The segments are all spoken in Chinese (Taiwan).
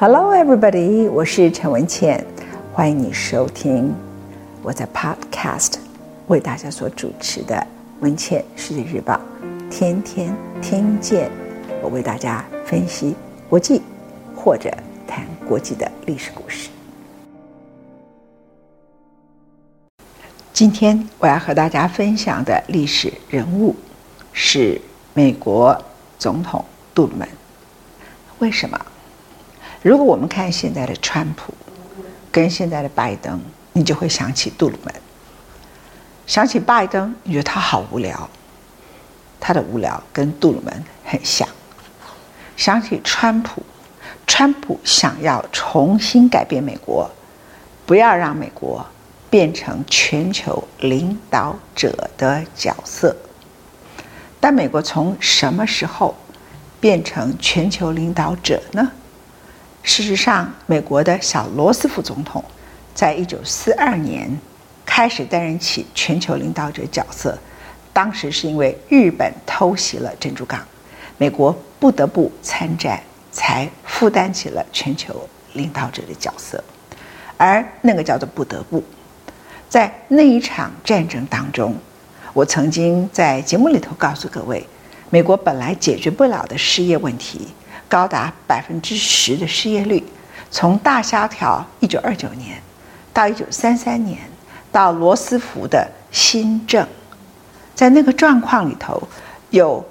Hello, everybody！我是陳文茜，歡迎你收聽我在 Podcast 為大家所主持的《文茜世界日報》，天天聽見，我為大家分析國際或者談國際的歷史故事。今天我要和大家分享的歷史人物是美國總統杜魯門。為什麼？如果我們看現在的川普跟現在的拜登，你就會想起杜魯門。想起拜登，你覺得他好無聊，他的無聊跟杜魯門很像。想起川普，川普想要重新改變美國，不要讓美國變成全球領導者的角色。但美國從什麼時候變成全球領導者呢？事實上，美國的小羅斯福總統在1942年開始擔任起全球領導者角色。當時是因為日本偷襲了珍珠港，美國不得不參戰，才負擔起了全球領導者的角色。而那個叫做“不得不”，在那一場戰爭當中，我曾經在節目裡頭告訴各位，美國本來解決不了的失業問題。高達百分之十的失業率，從大蕭條一九二九年到一九三三年，到羅斯福的新政，在那個狀況裡頭，有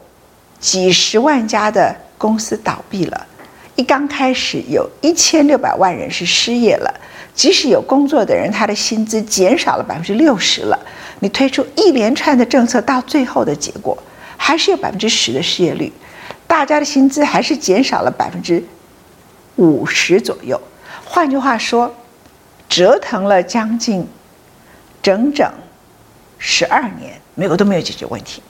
幾十萬家的公司倒閉了，一剛開始有一千六百萬人是失業了，即使有工作的人，他的薪資減少了百分之六十了，你推出一連串的政策，到最後的結果還是有百分之十的失業率。大家的薪資還是減少了百分之五十左右，換句話說，折騰了將近整整十二年，美國都沒有解決問題，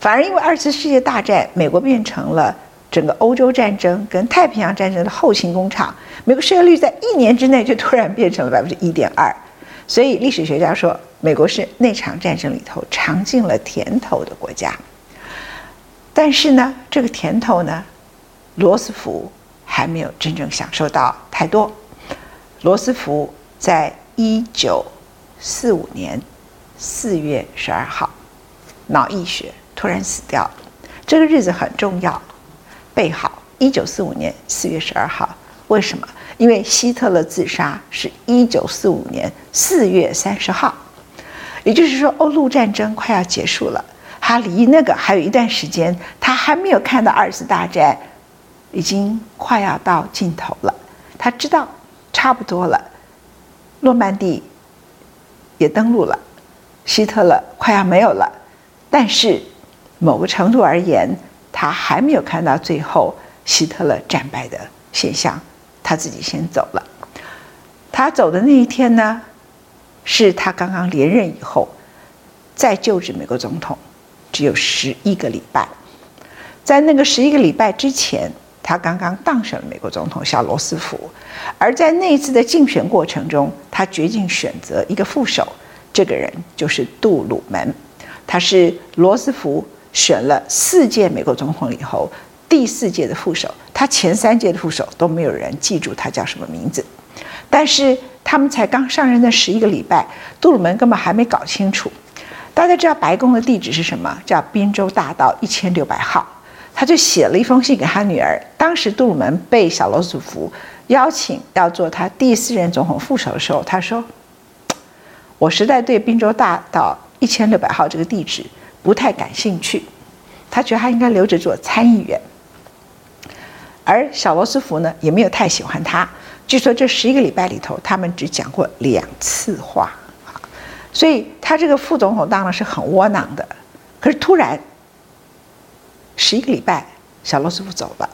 反而因為二次世界大戰，美國變成了整個歐洲戰爭跟太平洋戰爭的後勤工廠。美國失業率在一年之內就突然變成了百分之一點二，所以歷史學家說，美國是那場戰爭裡頭嘗盡了甜頭的國家。但是呢，這個甜頭呢，羅斯福還沒有真正享受到太多。羅斯福在一九四五年四月十二號腦溢血突然死掉了。這個日子很重要，背好一九四五年四月十二號。為什麼？因為希特勒自殺是一九四五年四月三十號，也就是說，歐陸戰爭快要結束了。他離那個還有一段時間，他還沒有看到二次大戰已經快要到盡頭了。他知道差不多了，諾曼底也登陸了，希特勒快要沒有了。但是某個程度而言，他還沒有看到最後希特勒戰敗的現象。他自己先走了。他走的那一天呢，是他剛剛連任以後再就職美國總統只有十一個禮拜，在那個十一個禮拜之前，他剛剛當選了美國總統小羅斯福，而在那一次的競選過程中，他決定選擇一個副手，這個人就是杜魯門，他是羅斯福選了四屆美國總統以後第四屆的副手，他前三屆的副手都沒有人記住他叫什麼名字，但是他們才剛上任的十一個禮拜，杜魯門根本還沒搞清楚。大家知道白宮的地址是什麼？叫賓州大道一千六百號。他就寫了一封信給他女兒。當時杜魯門被小羅斯福邀請要做他第四任總統副手的時候，他說：“我實在對賓州大道一千六百號這個地址不太感興趣。”他覺得他應該留着做參議員。而小羅斯福呢，也沒有太喜歡他。據說這十一個禮拜裡頭，他們只講過兩次話。所以他這個副總統當了是很窩囊的，可是突然，十一個禮拜，小羅斯福走了，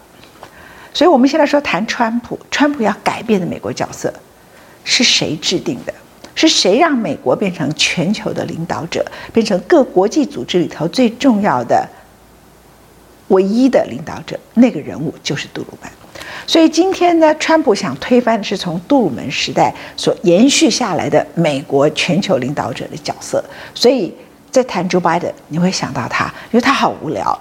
所以我們現在說談川普，川普要改變的美國角色是誰制定的？是誰讓美國變成全球的領導者，變成各國際組織裡頭最重要的、唯一的領導者？那個人物就是杜魯門。所以今天呢，川普想推翻的是從杜魯門時代所延續下來的美國全球領導者的角色。所以在談 Joe Biden，你會想到他，因為他好無聊，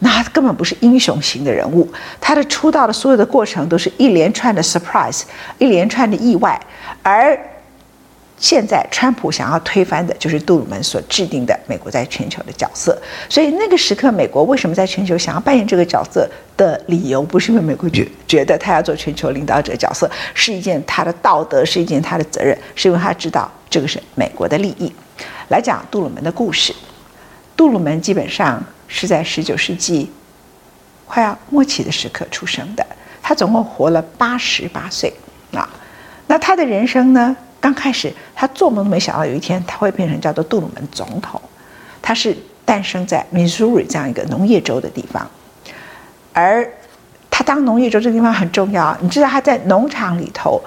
那他根本不是英雄型的人物。他的出道的所有的過程都是一連串的 surprise，一連串的意外，而。現在，川普想要推翻的就是杜魯門所制定的美國在全球的角色。所以，那個時刻，美國為什麼在全球想要扮演這個角色的理由，不是因為美國覺覺得他要做全球領導者的角色，是一件他的道德，是一件他的責任，是因為他知道這個是美國的利益。來講杜魯門的故事，杜魯門基本上是在十九世紀快要末期的時刻出生的，他總共活了八十八歲啊。那他的人生呢？剛開始，他做夢都沒想到有一天他會變成叫做杜魯門總統。他是誕生在密蘇里這樣一個農業州的地方，而他當農業州這個地方很重要。你知道他在農場裡頭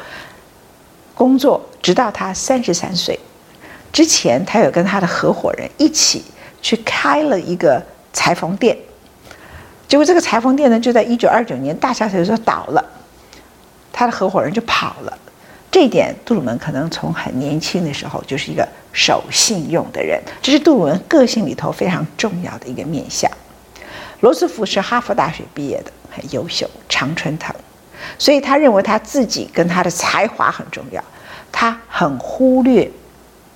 工作，直到他三十三歲之前，他有跟他的合夥人一起去開了一個裁縫店。結果這個裁縫店呢，就在一九二九年大蕭條的時候倒了，他的合夥人就跑了。這一點，杜魯門可能從很年輕的時候就是一個守信用的人，這是杜魯門個性裡頭非常重要的一個面向。羅斯福是哈佛大學畢業的，很優秀，常春藤，所以他認為他自己跟他的才華很重要，他很忽略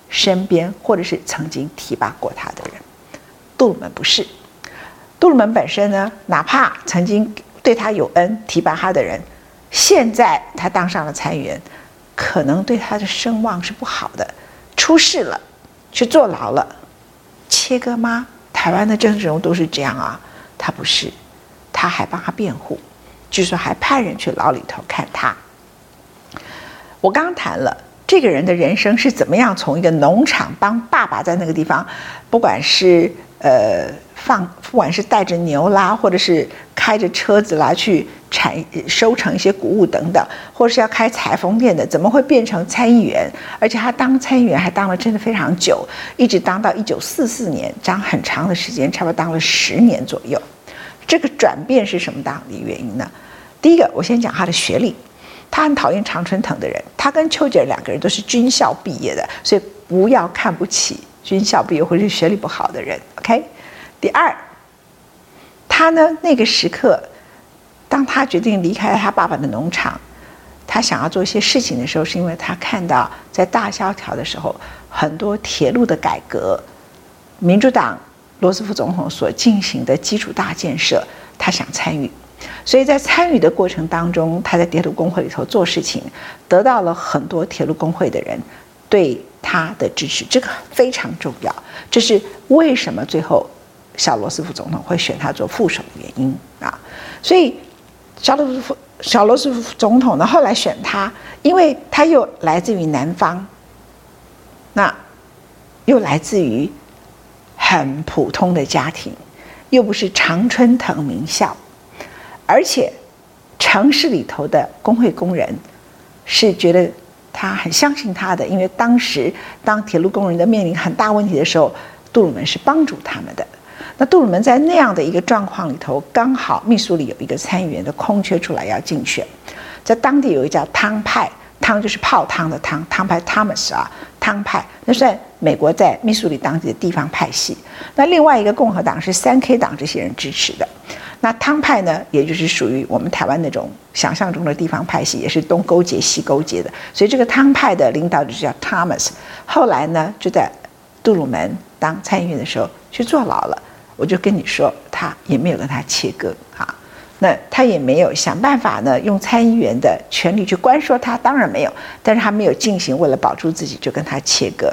身邊或者是曾經提拔過他的人。杜魯門不是，杜魯門本身呢，哪怕曾經對他有恩、提拔他的人，現在他當上了參議員。可能對他的聲望是不好的，出事了，去坐牢了，切割嗎，台灣的政治人物都是這樣啊，他不是，他還幫他辯護，據說還派人去牢裡頭看他。我剛談了這個人的人生是怎麼樣從一個農場幫爸爸在那個地方，不管是呃。放不管是帶着牛啦，或者是開着車子來去產收成一些谷物等等，或者是要開裁縫店的，怎麼會變成參議員？而且他當參議員還當了真的非常久，一直當到一九四四年，長很長的時間，差不多當了十年左右。這個轉變是什麼樣的原因呢？第一個，我先講他的學歷。他很討厭常春藤的人，他跟丘吉爾兩個人都是軍校畢業的，所以不要看不起軍校畢業或者是學歷不好的人。OK。第二，他呢，那個時刻，當他決定離開他爸爸的農場，他想要做一些事情的時候，是因為他看到在大蕭條的時候，很多鐵路的改革，民主黨羅斯福總統所進行的基礎大建設，他想參與。所以在參與的過程當中，他在鐵路工會裡頭做事情，得到了很多鐵路工會的人對他的支持，這個非常重要。這是為什麼最後。小羅斯福總統會選他做副手的原因啊，所以小羅斯福小羅斯福總統呢，後來選他，因為他又來自於南方，那又來自於很普通的家庭，又不是常春藤名校，而且城市裡頭的工會工人是覺得他很相信他的，因為當時當鐵路工人的面臨很大問題的時候，杜魯門是幫助他們的。那杜魯門在那樣的一個狀況裡頭，剛好密蘇里有一個參議員的空缺出來要競選，在當地有一家湯派，湯就是泡湯的湯，湯派 Thomas 啊，湯派那在美國在密蘇里當地的地方派系。那另外一個共和黨是三 K 黨這些人支持的，那湯派呢，也就是屬於我們台灣那種想象中的地方派系，也是東勾結西勾結的。所以這個湯派的領導者就叫 Thomas，後來呢就在杜魯門當參議員的時候去坐牢了。我就跟你說，他也沒有跟他切割啊，那他也沒有想辦法呢，用參議員的權利去關說他，當然沒有，但是他沒有進行為了保住自己就跟他切割。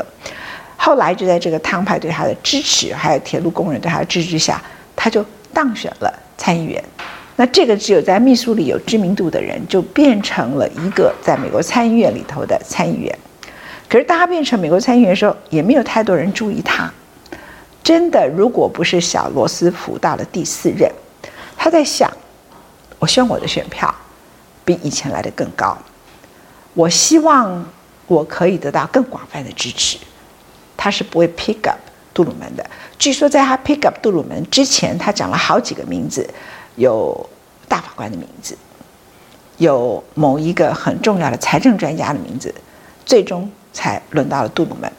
後來就在這個湯派對他的支持，還有鐵路工人對他的支持下，他就當選了參議員。那這個只有在密蘇里有知名度的人，就變成了一個在美國參議院裡頭的參議員。可是當他變成美國參議員的時候，也沒有太多人注意他。真的，如果不是小羅斯福到了第四任，他在想，我希望我的選票比以前來的更高，我希望我可以得到更廣泛的支持，他是不會 pick up 杜魯門的。據說在他 pick up 杜魯門之前，他講了好幾個名字，有大法官的名字，有某一個很重要的財政專家的名字，最終才輪到了杜魯門。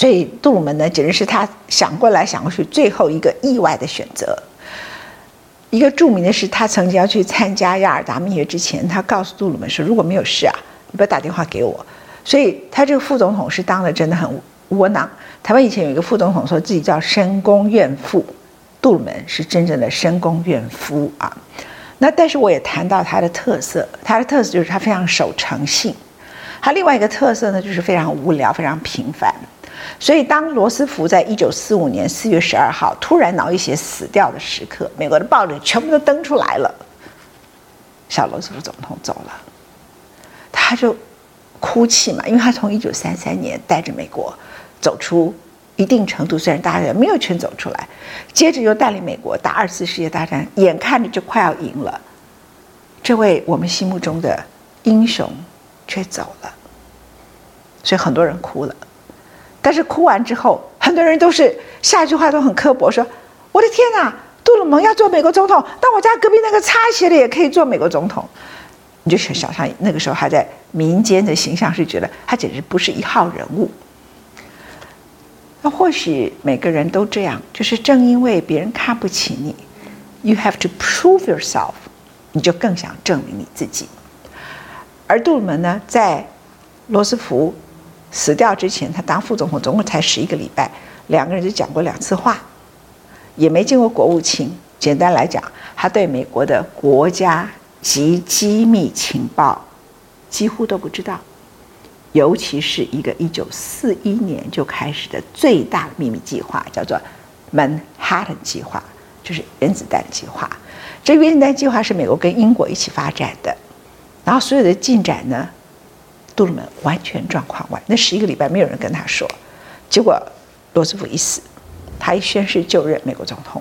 所以杜魯門呢，簡直是他想過來想過去最後一個意外的選擇。一個著名的是，他曾經要去參加亞爾達密約之前，他告訴杜魯門說：“如果沒有事啊，你不要打電話給我。”所以，他這個副總統是當的真的很窩囊。台灣以前有一個副總統，說自己叫深宮怨婦，杜魯門是真正的深宮怨夫啊。那但是我也談到他的特色，他的特色就是他非常守誠信。他另外一個特色呢，就是非常無聊，非常平凡。所以，當羅斯福在一九四五年四月十二號突然腦溢血死掉的時刻，美國的報紙全部都登出來了：“小羅斯福總統走了。”他就哭泣嘛，因為他從一九三三年帶着美國走出一定程度，雖然大家也沒有全走出來，接着又帶領美國打二次世界大戰，眼看着就快要贏了，這位我們心目中的英雄卻走了，所以很多人哭了。但是哭完之後，很多人都是下一句話都很刻薄，說：“我的天哪，杜魯門要做美國總統，但我家隔壁那個擦鞋的也可以做美國總統。”你就想想，那個時候還在民間的形象，是覺得他簡直不是一號人物。那或許每個人都這樣，就是正因為別人看不起你，you have to prove yourself，你就更想證明你自己。而杜魯門呢，在羅斯福。死掉之前，他當副總統總共才十一個禮拜，兩個人就講過兩次話，也沒見過國務卿。簡單來講，他對美國的國家級機密情報幾乎都不知道，尤其是一個1941年就開始的最大的秘密計劃，叫做曼哈頓計劃，就是原子彈計劃。這個原子彈計劃是美國跟英國一起發展的，然後所有的進展呢，杜魯門完全狀況外，那十一個禮拜沒有人跟他說。結果羅斯福一死，他一宣誓就任美國總統，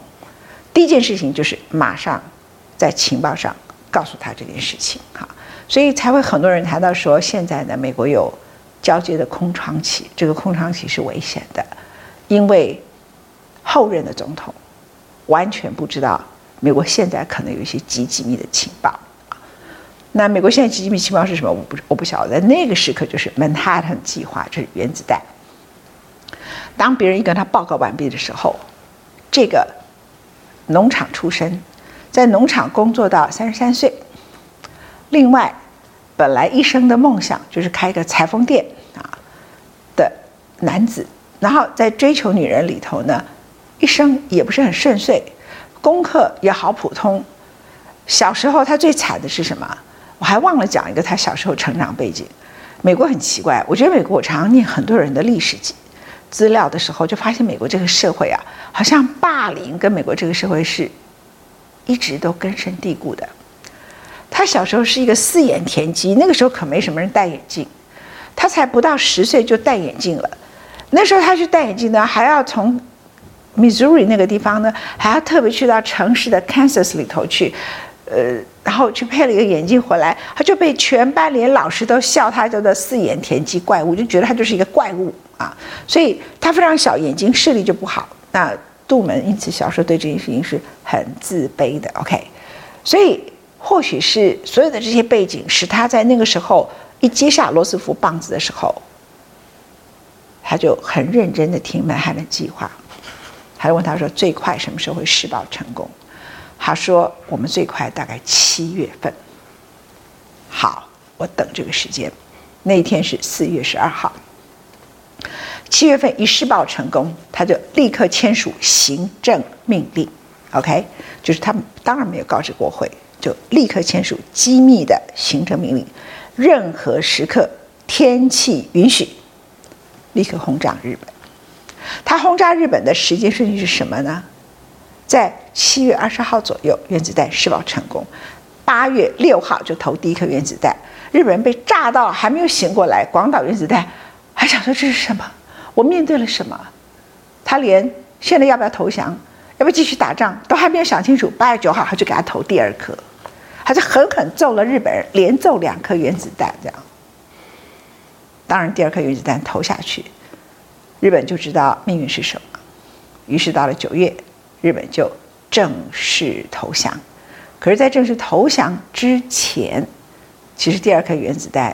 第一件事情就是馬上在情報上告訴他這件事情。哈，所以才會很多人談到說，現在呢，美國有交接的空窗期，這個空窗期是危險的，因為後任的總統完全不知道美國現在可能有一些極機密的情報。那美國現在祕密情報是什麼？我不我不曉得。在那個時刻就是 Manhattan 計劃，就是原子彈。當別人一跟他報告完畢的時候，這個農場出身，在農場工作到三十三歲，另外本來一生的夢想就是開一個裁縫店啊的男子，然後在追求女人裡頭呢，一生也不是很順遂，功課也好普通。小時候他最慘的是什麼？我還忘了講一個，他小時候成長背景。美國很奇怪，我覺得美國，我常常念很多人的歷史記資料的時候，就發現美國這個社會啊，好像霸凌跟美國這個社會是一直都根深蒂固的。他小時候是一個四眼田雞，那個時候可沒什麼人戴眼鏡，他才不到十歲就戴眼鏡了。那時候他去戴眼鏡呢，還要從 Missouri 那個地方呢，還要特別去到城市的 Kansas 裡頭去。呃，然後去配了一個眼鏡回來，他就被全班連老師都笑他叫做“四眼田雞怪物”，就覺得他就是一個怪物啊。所以他非常小，眼睛視力就不好。那杜門因此小時候對這件事情是很自卑的。OK，所以或許是所有的這些背景，使他在那個時候一接下羅斯福棒子的時候，他就很認真的聽曼哈頓的計劃，還問他說：“最快什麼時候會試爆成功？”他說：“我們最快大概七月份。”好，我等這個時間。那一天是四月十二號。七月份一試爆成功，他就立刻簽署行政命令，OK？就是他當然沒有告知國會，就立刻簽署機密的行政命令。任何時刻天氣允許，立刻轟炸日本。他轟炸日本的時間順序是什麼呢？在七月二十號左右，原子彈試爆成功。八月六號就投第一顆原子彈，日本人被炸到還沒有醒過來。廣島原子彈，還想說，這是什麼？我面對了什麼？他連現在要不要投降，要不要繼續打仗，都還沒有想清楚。八月九號，他就給他投第二顆，他就狠狠揍了日本人，連揍兩顆原子彈，這樣。當然，第二顆原子彈投下去，日本就知道命運是什麼。於是到了九月。日本就正式投降，可是，在正式投降之前，其實第二顆原子彈，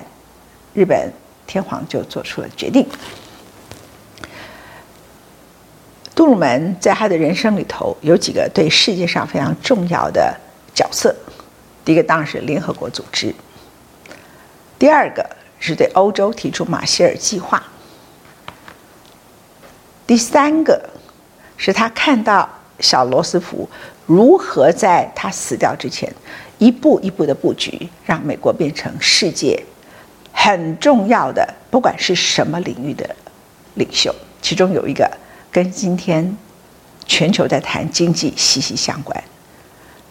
日本天皇就做出了決定。杜魯門在他的人生裡頭有幾個對世界上非常重要的角色，第一個當然是聯合國組織，第二個是對歐洲提出馬歇爾計劃，第三個是他看到。小羅斯福如何在他死掉之前一步一步的布局，讓美國變成世界很重要的，不管是什麼領域的領袖？其中有一個跟今天全球在談經濟息息相關。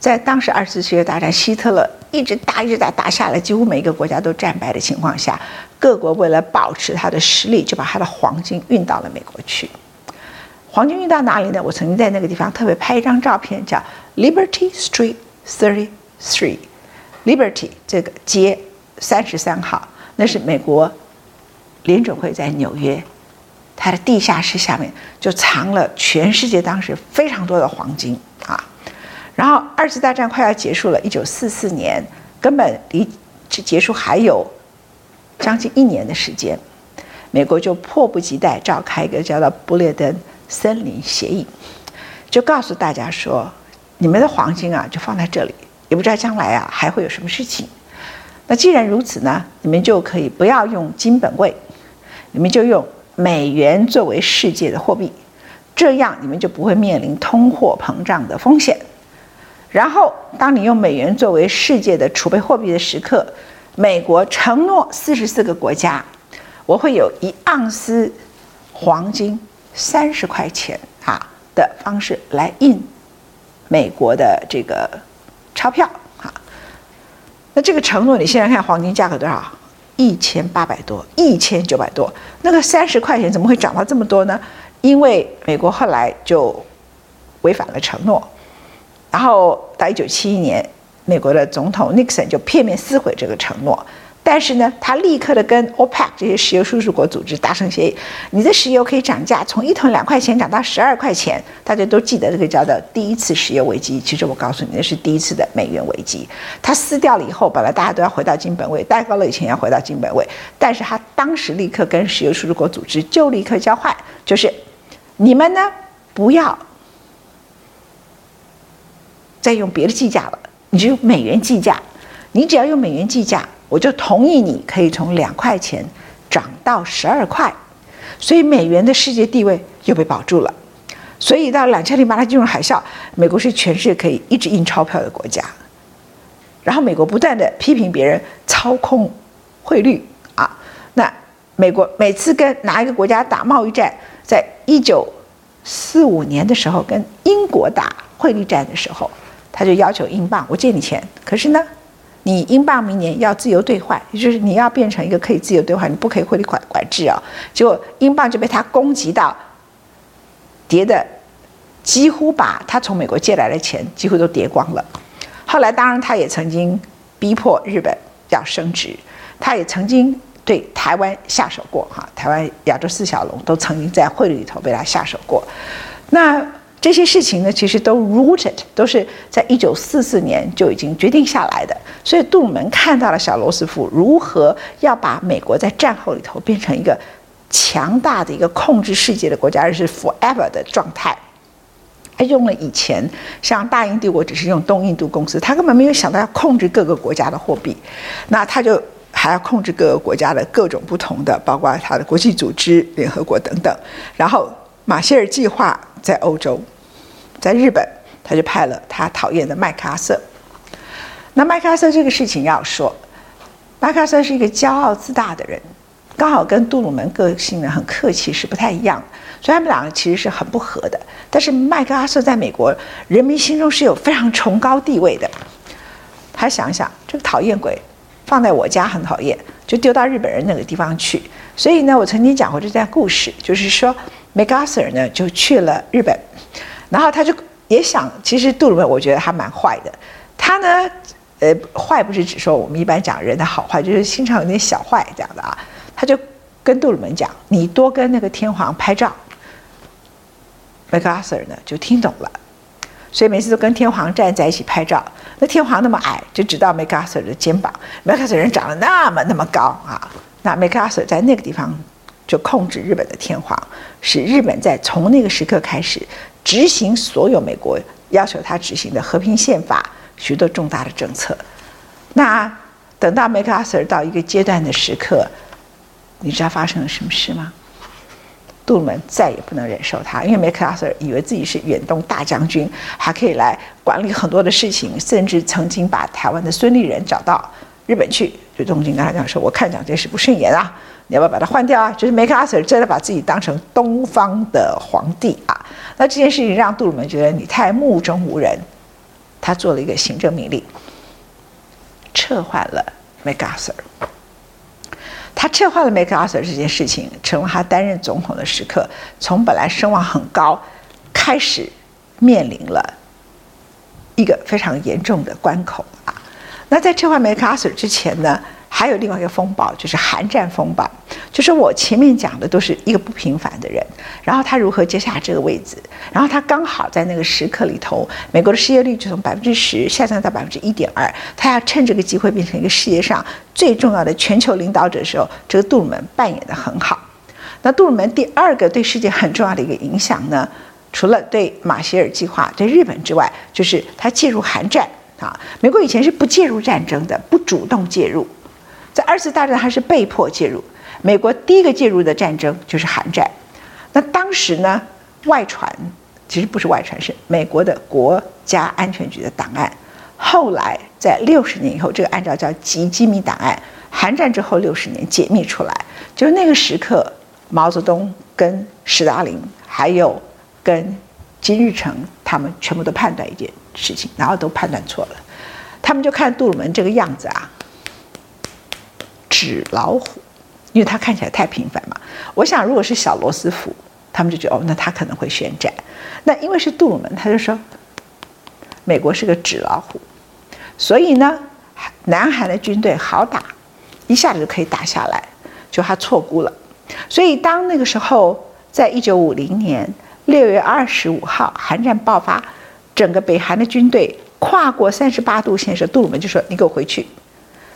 在當時二次世界大戰，希特勒一直打，一直打打下來，幾乎每一個國家都戰敗的情況下，各國為了保持他的實力，就把他的黃金運到了美國去。黃金運到哪裡呢？我曾經在那個地方特別拍一張照片，叫 Liberty Street 33，Liberty 這個街三十三號，那是美國聯準會在紐約，它的地下室下面就藏了全世界當時非常多的黃金啊。然後二次大戰快要結束了，一九四四年，根本離結束還有將近一年的時間，美國就迫不及待召開一個叫做布列登，森林協議就告訴大家說：“你們的黃金啊，就放在這裡，也不知道將來啊還會有什麼事情。那既然如此呢，你們就可以不要用金本位，你們就用美元作為世界的貨幣，這樣你們就不會面臨通貨膨脹的風險。然後，當你用美元作為世界的儲備貨幣的時刻，美國承諾四十四個國家，我會有一盎司黃金。”三十塊錢啊的方式來印美國的這個鈔票啊，那這個承諾，你現在看黃金價格多少？一千八百多，一千九百多。那個三十塊錢怎麼會漲到這麼多呢？因為美國後來就違反了承諾，然後到一九七一年，美國的總統尼克 n 就片面撕毀這個承諾。但是呢，他立刻的跟 OPEC 這些石油輸出國組織達成協議，你的石油可以漲價，從一桶兩塊錢漲到十二塊錢。大家都記得這個叫做第一次石油危機。其實我告訴你，那是第一次的美元危機。他撕掉了以後，本來大家都要回到金本位，戴高樂以前要回到金本位，但是他當時立刻跟石油輸出國組織就立刻交換，就是你們呢不要再用別的計價了，你就用美元計價。你只要用美元計價，我就同意你可以從兩塊錢漲到十二塊，所以美元的世界地位又被保住了。所以到兩千零八年金融海嘯，美國是全世界可以一直印鈔票的國家。然後美國不斷的批評別人操控匯率啊，那美國每次跟哪一個國家打貿易戰，在一九四五年的時候跟英國打匯率戰的時候，他就要求英鎊，我借你錢，可是呢？你英鎊明年要自由兌換，也就是你要變成一個可以自由兌換，你不可以匯率管管制啊、哦。結果英鎊就被他攻擊到，跌得幾乎把他從美國借來的錢幾乎都跌光了。後來當然他也曾經逼迫日本要升值，他也曾經對台灣下手過哈，台灣亞洲四小龍都曾經在匯率裡頭被他下手過。那。這些事情呢，其實都 rooted，都是在一九四四年就已經決定下來的。所以杜魯門看到了小羅斯福如何要把美國在戰後裡頭變成一個強大的一個控制世界的國家，而是 forever 的狀態。他用了以前像大英帝國只是用東印度公司，他根本沒有想到要控制各個國家的貨幣。那他就還要控制各個國家的各種不同的，包括他的國際組織、聯合國等等。然後。馬歇爾計劃在歐洲，在日本，他就派了他討厭的麥克阿瑟。那麥克阿瑟這個事情要說，麥克阿瑟是一個驕傲自大的人，剛好跟杜魯門個性呢很客氣是不太一樣的，所以他們兩個其實是很不合的。但是麥克阿瑟在美國人民心中是有非常崇高地位的。他想一想這個討厭鬼，放在我家很討厭，就丟到日本人那個地方去。所以呢，我曾經講過這段故事，就是說。麥克阿 a 呢就去了日本，然後他就也想，其實杜魯門我覺得還蠻壞的，他呢，呃，壞不是指說我們一般講人的好壞，就是心常有點小壞這樣的啊。他就跟杜魯門講：“你多跟那個天皇拍照麥克阿 a 呢就聽懂了，所以每次都跟天皇站在一起拍照。那天皇那麼矮，就只到麥克阿 a 的肩膀。麥克斯爾人長得那麼那麼高啊，那麥克阿 a 在那個地方。就控制日本的天皇，使日本在從那個時刻開始執行所有美國要求他執行的和平憲法，許多重大的政策。那等到麥克阿瑟到一個階段的時刻，你知道發生了什麼事嗎？杜魯門再也不能忍受他，因為麥克阿瑟以為自己是遠東大將軍，還可以來管理很多的事情，甚至曾經把台灣的孫立人找到日本去，就東京跟他講說：“我看蔣介石不順眼啊。”你要不要把它換掉啊？就是 MacArthur 真的把自己當成東方的皇帝啊。那這件事情讓杜魯門覺得你太目中無人，他做了一個行政命令，撤換了 MacArthur。他撤換了 MacArthur 這件事情，成為他擔任總統的時刻，從本來聲望很高，開始面臨了一個非常嚴重的關口啊。那在撤換 MacArthur 之前呢，還有另外一個風暴，就是韓戰風暴，就是我前面講的都是一個不平凡的人，然後他如何接下這個位置，然後他剛好在那個時刻裡頭，美國的失業率就從百分之十下降到百分之一點二，他要趁這個機會變成一個世界上最重要的全球領導者的時候，這個杜魯門扮演得很好。那杜魯門第二個對世界很重要的一個影響呢，除了對馬歇爾計劃、對日本之外，就是他介入韓戰啊，美國以前是不介入戰爭的，不主動介入。在二次大戰，他是被迫介入。美國第一個介入的戰爭就是韓戰。那當時呢，外傳其實不是外傳，是美國的國家安全局的檔案。後來在六十年以後，這個按照叫極機密檔案，韓戰之後六十年解密出來，就是那個時刻，毛澤東跟斯大林還有跟金日成他們全部都判斷一件事情，然後都判斷錯了。他們就看杜魯門這個樣子啊。紙老虎，因為他看起來太平凡嘛。我想，如果是小羅斯福，他們就覺得哦，那他可能會宣戰。那因為是杜魯門，他就說美國是個紙老虎，所以呢，南韓的軍隊好打，一下子就可以打下來，就他錯估了。所以當那個時候，在一九五零年六月二十五號，韓戰爆發，整個北韓的軍隊跨過三十八度線時，杜魯門就說：“你給我回去。”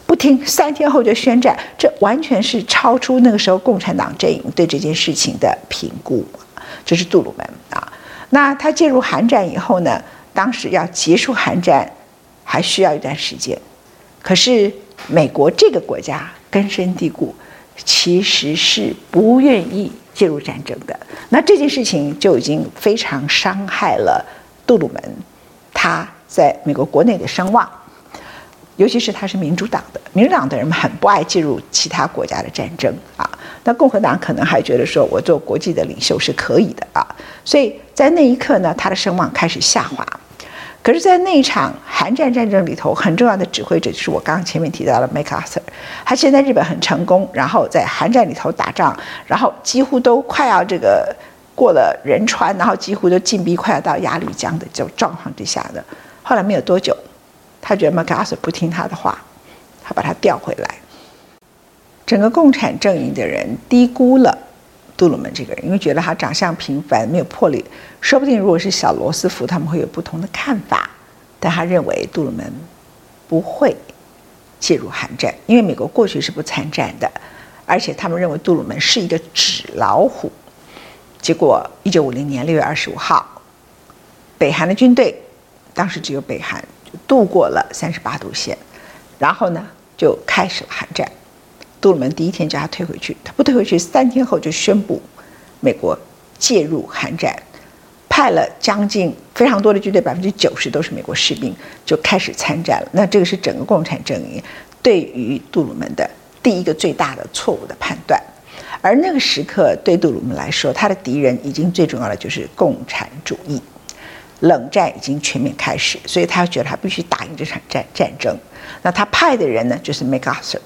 不聽，三天後就宣戰，這完全是超出那個時候共產黨陣營對這件事情的評估。這是杜魯門啊，那他介入韓戰以後呢，當時要結束韓戰，還需要一段時間。可是美國這個國家根深蒂固，其實是不願意介入戰爭的。那這件事情就已經非常傷害了杜魯門，他在美國國內的聲望。尤其是他是民主黨的，民主黨的人們很不愛介入其他國家的戰爭啊。那共和黨可能還覺得說，我做國際的領袖是可以的啊。所以在那一刻呢，他的聲望開始下滑。可是，在那一場韓戰戰爭裡頭，很重要的指揮者就是我剛剛前面提到的麥克阿瑟，他現在日本很成功，然後在韓戰裡頭打仗，然後幾乎都快要這個過了仁川，然後幾乎都進逼快要到鴨綠江的這種狀況之下的。後來沒有多久。他覺得麥克阿瑟不聽他的話，他把他調回來。整個共產陣營的人低估了杜魯門這個人，因為覺得他長相平凡、沒有魄力。說不定如果是小羅斯福，他們會有不同的看法。但他認為杜魯門不會介入韓戰，因為美國過去是不參戰的，而且他們認為杜魯門是一個紙老虎。結果，一九五零年六月二十五號，北韓的軍隊，當時只有北韓。渡過了三十八度線，然後呢，就開始了韓戰。杜魯門第一天叫他退回去，他不退回去，三天後就宣布美國介入韓戰，派了將近非常多的軍隊，百分之九十都是美國士兵，就開始參戰了。那這個是整個共產陣營對於杜魯門的第一個最大的錯誤的判斷。而那個時刻對杜魯門來說，他的敵人已經最重要的就是共產主義。冷戰已經全面開始，所以他覺得他必須打贏這場戰戰爭。那他派的人呢，就是麥克阿瑟。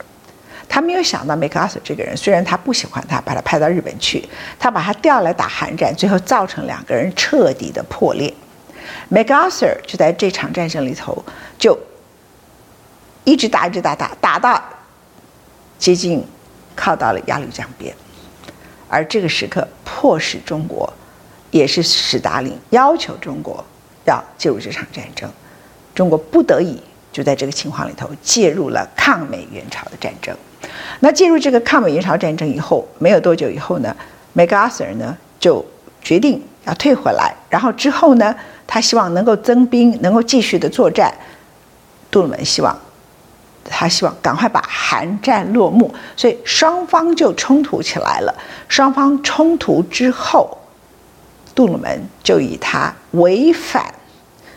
他沒有想到麥克阿瑟這個人，雖然他不喜歡他，把他派到日本去，他把他調來打韓戰，最後造成兩個人徹底的破裂。麥克阿瑟就在這場戰爭裡頭，就一直打，一直打，打打到接近靠到了鴨綠江邊，而這個時刻迫使中國。也是史達林要求中國要介入這場戰爭，中國不得已就在這個情況裡頭介入了抗美援朝的戰爭。那進入這個抗美援朝戰爭以後，沒有多久以後呢，麥克阿瑟呢就決定要退回來，然後之後呢，他希望能夠增兵，能夠繼續的作戰。杜魯門希望，他希望趕快把韓戰落幕，所以雙方就衝突起來了。雙方衝突之後。杜魯門就以他違反，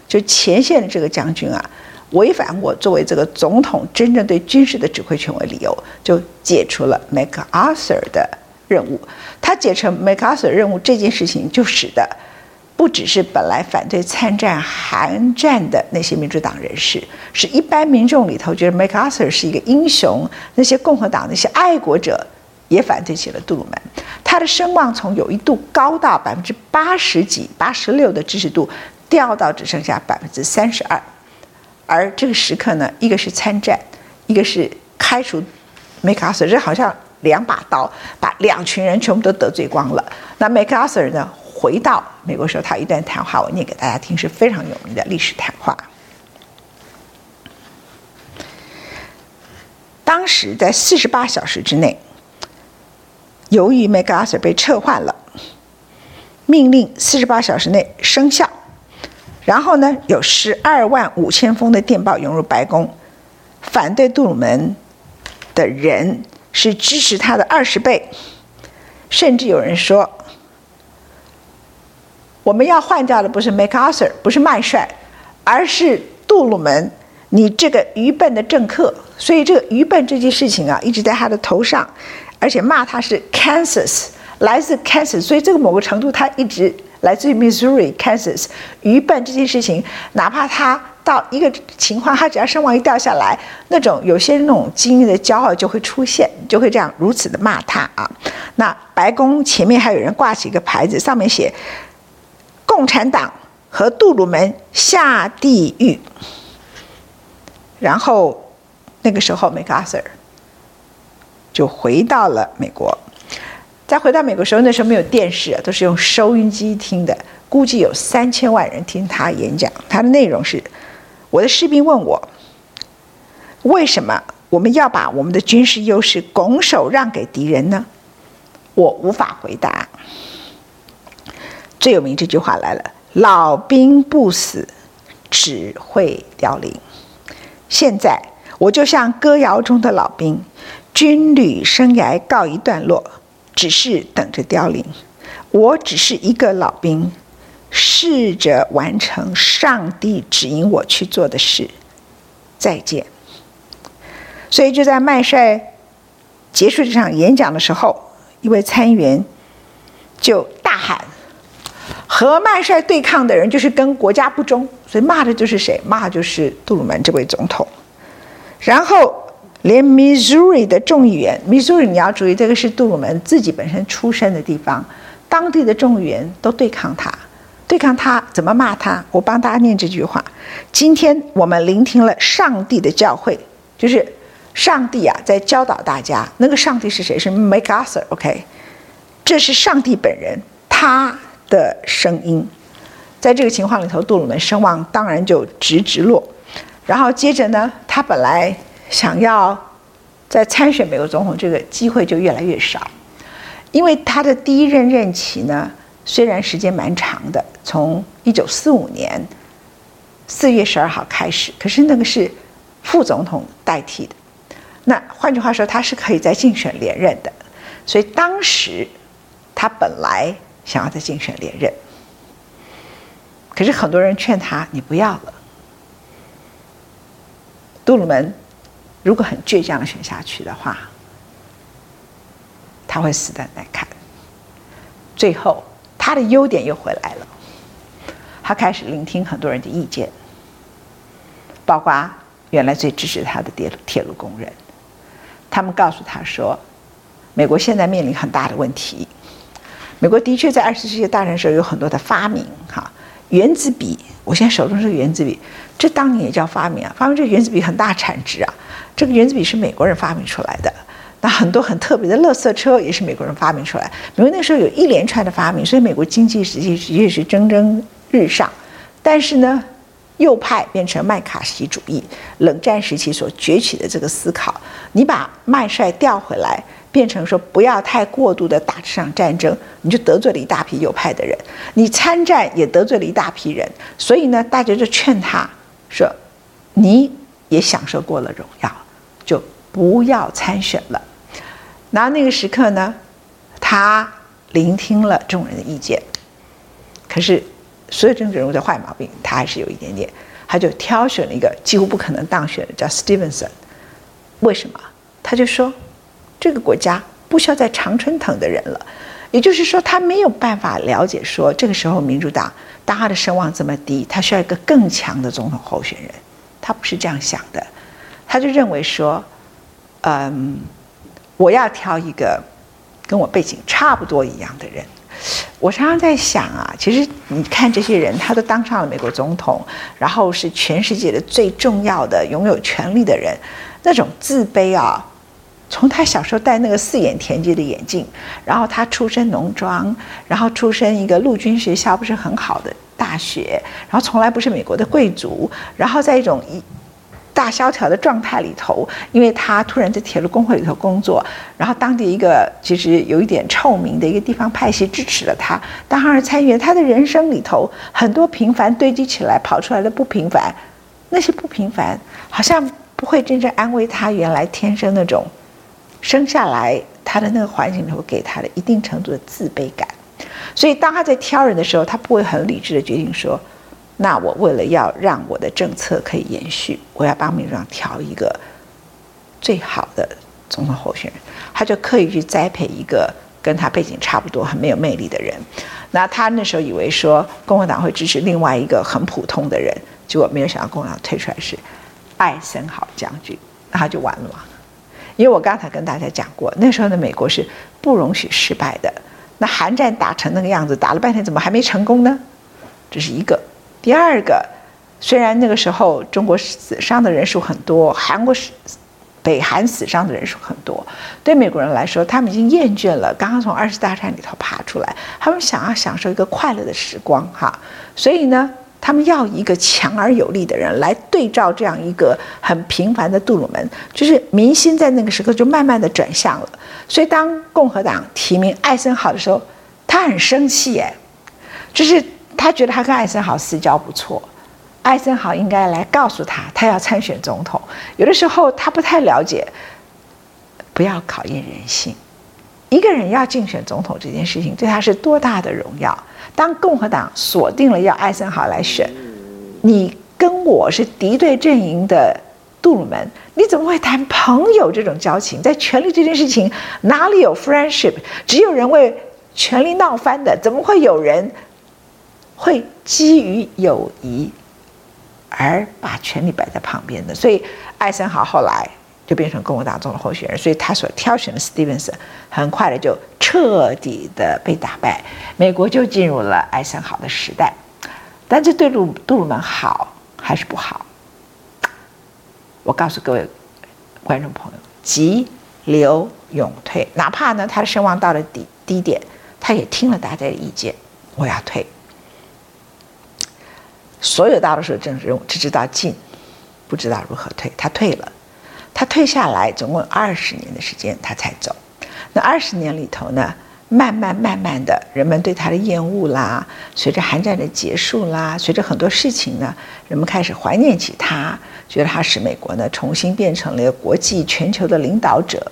就前線的這個將軍啊，違反我作為這個總統真正對軍事的指揮權為理由，就解除了麥克阿瑟的任務。他解成麥克阿瑟任務這件事情，就使得不只是本來反對參戰韓戰的那些民主黨人士，是一般民眾裡頭覺得麥克阿瑟是一個英雄，那些共和黨那些愛國者，也反對起了杜魯門，他的聲望從有一度高到百分之八十幾、八十六的支持度，掉到只剩下百分之三十二。而這個時刻呢，一個是參戰，一個是開除麥卡瑟，這好像兩把刀，把兩群人全部都得罪光了。那麥卡瑟呢，回到美國時候，他一段談話，我念給大家聽，是非常有名的歷史談話。當時在四十八小時之內。由於麥克阿瑟被撤換了，命令四十八小時內生效。然後呢，有十二萬五千封的電報湧入白宮，反對杜魯門的人是支持他的二十倍，甚至有人說：“我們要換掉的不是麥克阿瑟，不是麥帥，而是杜魯門，你這個愚笨的政客。”所以這個愚笨這件事情啊，一直在他的頭上。而且罵他是 Kansas，來自 Kansas，所以這個某個程度，他一直來自於 Missouri，Kansas。愚笨這件事情，哪怕他到一個情況，他只要聲望一掉下來，那種有些人那種精英的驕傲就會出現，就會這樣如此的罵他啊。那白宮前面還有人掛起一個牌子，上面寫“共產黨和杜魯門下地獄”。然後那個時候，麥克阿瑟就回到了美國。在回到美國的時候，那時候沒有電視，都是用收音機聽的。估計有三千萬人聽他演講，他的內容是：我的士兵問我，為什麼我們要把我們的軍事優勢拱手讓給敵人呢？我無法回答。最有名這句話來了：老兵不死，只會凋零。現在我就像歌謠中的老兵。軍旅生涯告一段落，只是等着凋零。我只是一個老兵，試着完成上帝指引我去做的事。再見。所以就在麥帥結束這場演講的時候，一位參議員就大喊：“和麥帥對抗的人就是跟國家不忠。”所以罵的就是誰？罵就是杜魯門這位總統。然後。連 Missouri 的眾議員，Missouri 你要注意，這個是杜魯門自己本身出身的地方，當地的眾議員都對抗他，對抗他，怎麼罵他？我幫大家念這句話。今天我們聆聽了上帝的教誨，就是上帝啊，在教導大家。那個上帝是誰？是 MacArthur，OK？這是上帝本人，他的聲音，在這個情況裡頭，杜魯門聲望當然就直直落。然後接着呢，他本來。想要再參選美國總統，這個機會就越來越少，因為他的第一任任期呢，雖然時間蠻長的，從一九四五年四月十二號開始，可是那個是副總統代替的。那換句話說，他是可以在競選連任的。所以當時他本來想要在競選連任，可是很多人勸他：“你不要了。”杜魯門。如果很倔強的選下去的話，他會死的難看。最後，他的優點又回來了，他開始聆聽很多人的意見，包括原來最支持他的鐵路鐵路工人，他們告訴他說，美國現在面臨很大的問題。美國的確在二十世紀大戰時候有很多的發明，哈。原子筆，我現在手中是原子筆，這當年也叫發明啊！發明這個原子筆很大產值啊！這個原子筆是美國人發明出來的，那很多很特別的垃圾車也是美國人發明出來。美國那時候有一連串的發明，所以美國經濟時期實際也是蒸蒸日上。但是呢，右派變成麥卡錫主義，冷戰時期所崛起的這個思考，你把麥帥調回來。變成說不要太過度地打這場戰爭，你就得罪了一大批右派的人，你參戰也得罪了一大批人，所以呢，大家就勸他說，你也享受過了榮耀，就不要參選了。然後那個時刻呢，他聆聽了眾人的意見，可是所有政治人物的壞毛病他還是有一點點，他就挑選了一個幾乎不可能當選的叫 Stevenson，為什麼？他就說。這個國家不需要在長春藤的人了，也就是說，他沒有辦法了解說這個時候民主黨當他的聲望這麼低，他需要一個更強的總統候選人，他不是這樣想的，他就認為說，嗯，我要挑一個跟我背景差不多一樣的人。我常常在想啊，其實你看這些人，他都當上了美國總統，然後是全世界的最重要的、擁有權力的人，那種自卑啊。從他小時候戴那個四眼田雞的眼鏡，然後他出身農莊，然後出身一個陸軍學校不是很好的大學，然後從來不是美國的貴族，然後在一種一，大蕭條的狀態裡頭，因為他突然在鐵路工會裡頭工作，然後當地一個其實有一點臭名的一個地方派系支持了他當然參議員，他的人生裡頭很多平凡堆積起來跑出來的不平凡，那些不平凡好像不會真正安慰他原來天生那種。生下來，他的那個環境裡頭給他的一定程度的自卑感，所以當他在挑人的時候，他不會很理智的決定說，那我為了要讓我的政策可以延續，我要幫民主黨挑一個最好的總統候選人，他就刻意去栽培一個跟他背景差不多、很沒有魅力的人。那他那時候以為說，共和黨會支持另外一個很普通的人，結果沒有想到共和黨推出來是艾森豪將軍，那他就完了嘛。因為我剛才跟大家講過，那時候的美國是不容許失敗的。那韓戰打成那個樣子，打了半天怎麼還沒成功呢？這是一個。第二個，雖然那個時候中國死傷的人數很多，韓國、北韓死傷的人數很多，對美國人來說，他們已經厭倦了，剛剛從二次大戰裡頭爬出來，他們想要享受一個快樂的時光哈。所以呢。他們要一個強而有力的人來對照這樣一個很平凡的杜魯門，就是民心在那個時刻就慢慢的轉向了。所以當共和黨提名艾森豪的時候，他很生氣，哎，就是他覺得他跟艾森豪私交不錯，艾森豪應該來告訴他他要參選總統。有的時候他不太了解，不要考驗人性，一個人要競選總統這件事情對他是多大的榮耀。當共和黨鎖定了要艾森豪來選，你跟我是敵對陣營的杜魯門，你怎麼會談朋友這種交情？在權力這件事情，哪裡有 friendship？只有人為權力鬧翻的，怎麼會有人會基於友誼而把權力擺在旁邊的？所以，艾森豪後來就變成共和黨中的候選人，所以他所挑選的史蒂文森很快的就徹底的被打敗，美國就進入了艾森豪的時代。但這對路杜杜魯門好還是不好？我告訴各位觀眾朋友，急流勇退，哪怕呢他的聲望到了低低點，他也聽了大家的意見，我要退。所有大多數政治人物只知道進，不知道如何退，他退了。他退下來總共二十年的時間，他才走。那二十年裡頭呢，慢慢慢慢的人們對他的厭惡啦，隨着韓戰的結束啦，隨着很多事情呢，人們開始懷念起他，覺得他使美國呢重新變成了一個國際全球的領導者，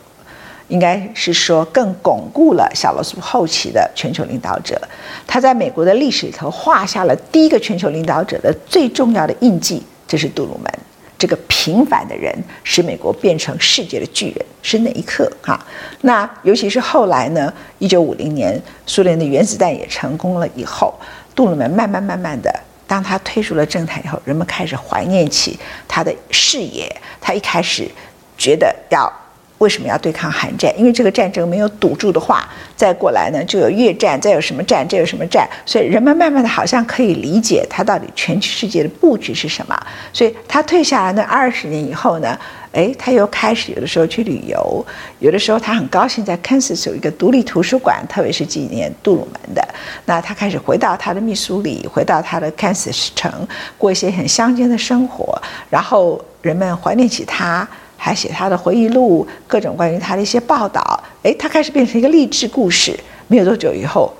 應該是說更鞏固了小羅斯福後期的全球領導者。他在美國的歷史裡頭畫下了第一個全球領導者的最重要的印記，這是杜魯門。這個平凡的人使美國變成世界的巨人，是那一刻哈、啊。那尤其是後來呢，一九五零年蘇聯的原子彈也成功了以後，杜魯門慢慢慢慢的，當他退出了政壇以後，人們開始懷念起他的事業。他一開始覺得要。為什麼要對抗韓戰？因為這個戰爭沒有堵住的話，再過來呢，就有越戰，再有什麼戰，再有什麼戰。所以人們慢慢的好像可以理解他到底全世界的布局是什麼。所以他退下來那二十年以後呢，哎，他又開始有的時候去旅遊，有的時候他很高興，在 Kansas 有一個獨立圖書館，特別是紀念杜魯門的。那他開始回到他的密蘇里，回到他的 Kansas 城，過一些很鄉間的生活。然後人們懷念起他。還寫他的回憶錄，各種關於他的一些報道。哎，他開始變成一個勵志故事。沒有多久以後，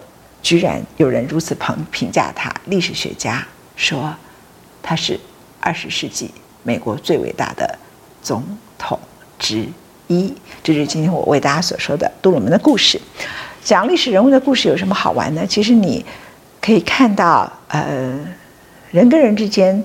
居然有人如此評評價他。歷史學家說，他是二十世紀美國最偉大的總統之一。這是今天我為大家所說的杜魯門的故事。講歷史人物的故事有什麼好玩呢？其實你可以看到，呃，人跟人之間，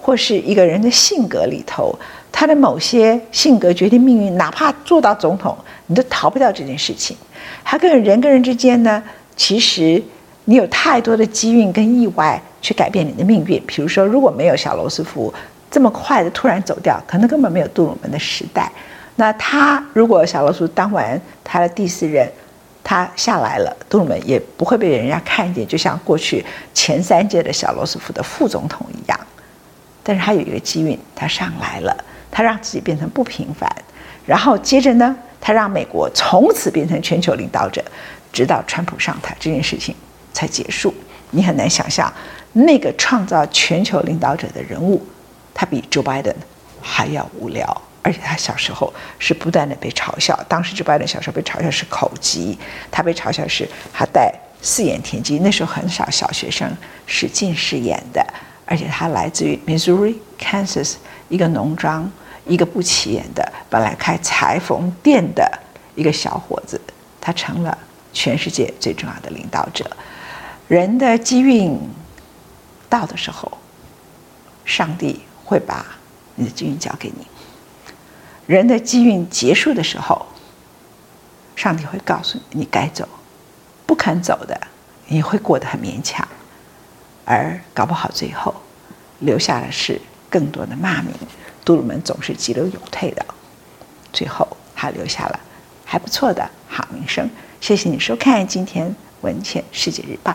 或是一個人的性格裡頭。他的某些性格決定命運，哪怕做到總統，你都逃不掉這件事情。還跟人跟人之間呢，其實你有太多的機運跟意外去改變你的命運。比如說，如果沒有小羅斯福這麼快的突然走掉，可能根本沒有杜魯門的時代。那他如果小羅斯福當完他的第四任，他下來了，杜魯門也不會被人家看見，就像過去前三屆的小羅斯福的副總統一樣。但是他有一個機運，他上來了。他讓自己變成不平凡，然後接着呢，他讓美國從此變成全球領導者，直到川普上台這件事情才結束。你很難想象那個創造全球領導者的人物，他比 Joe Biden 還要無聊，而且他小時候是不斷的被嘲笑。當時 Joe Biden 小時候被嘲笑是口疾，他被嘲笑是還戴四眼田雞。那時候很少小學生是近視眼的，而且他來自於 Missouri Kansas 一個農莊。一個不起眼的，本來開裁縫店的一個小伙子，他成了全世界最重要的領導者。人的機運到的時候，上帝會把你的機運交給你；人的機運結束的時候，上帝會告訴你你該走。不肯走的，你會過得很勉強，而搞不好最後留下的是更多的罵名。杜魯門總是急流勇退的，最後還留下了還不錯的好名聲。謝謝你收看今天《文茜世界日報》。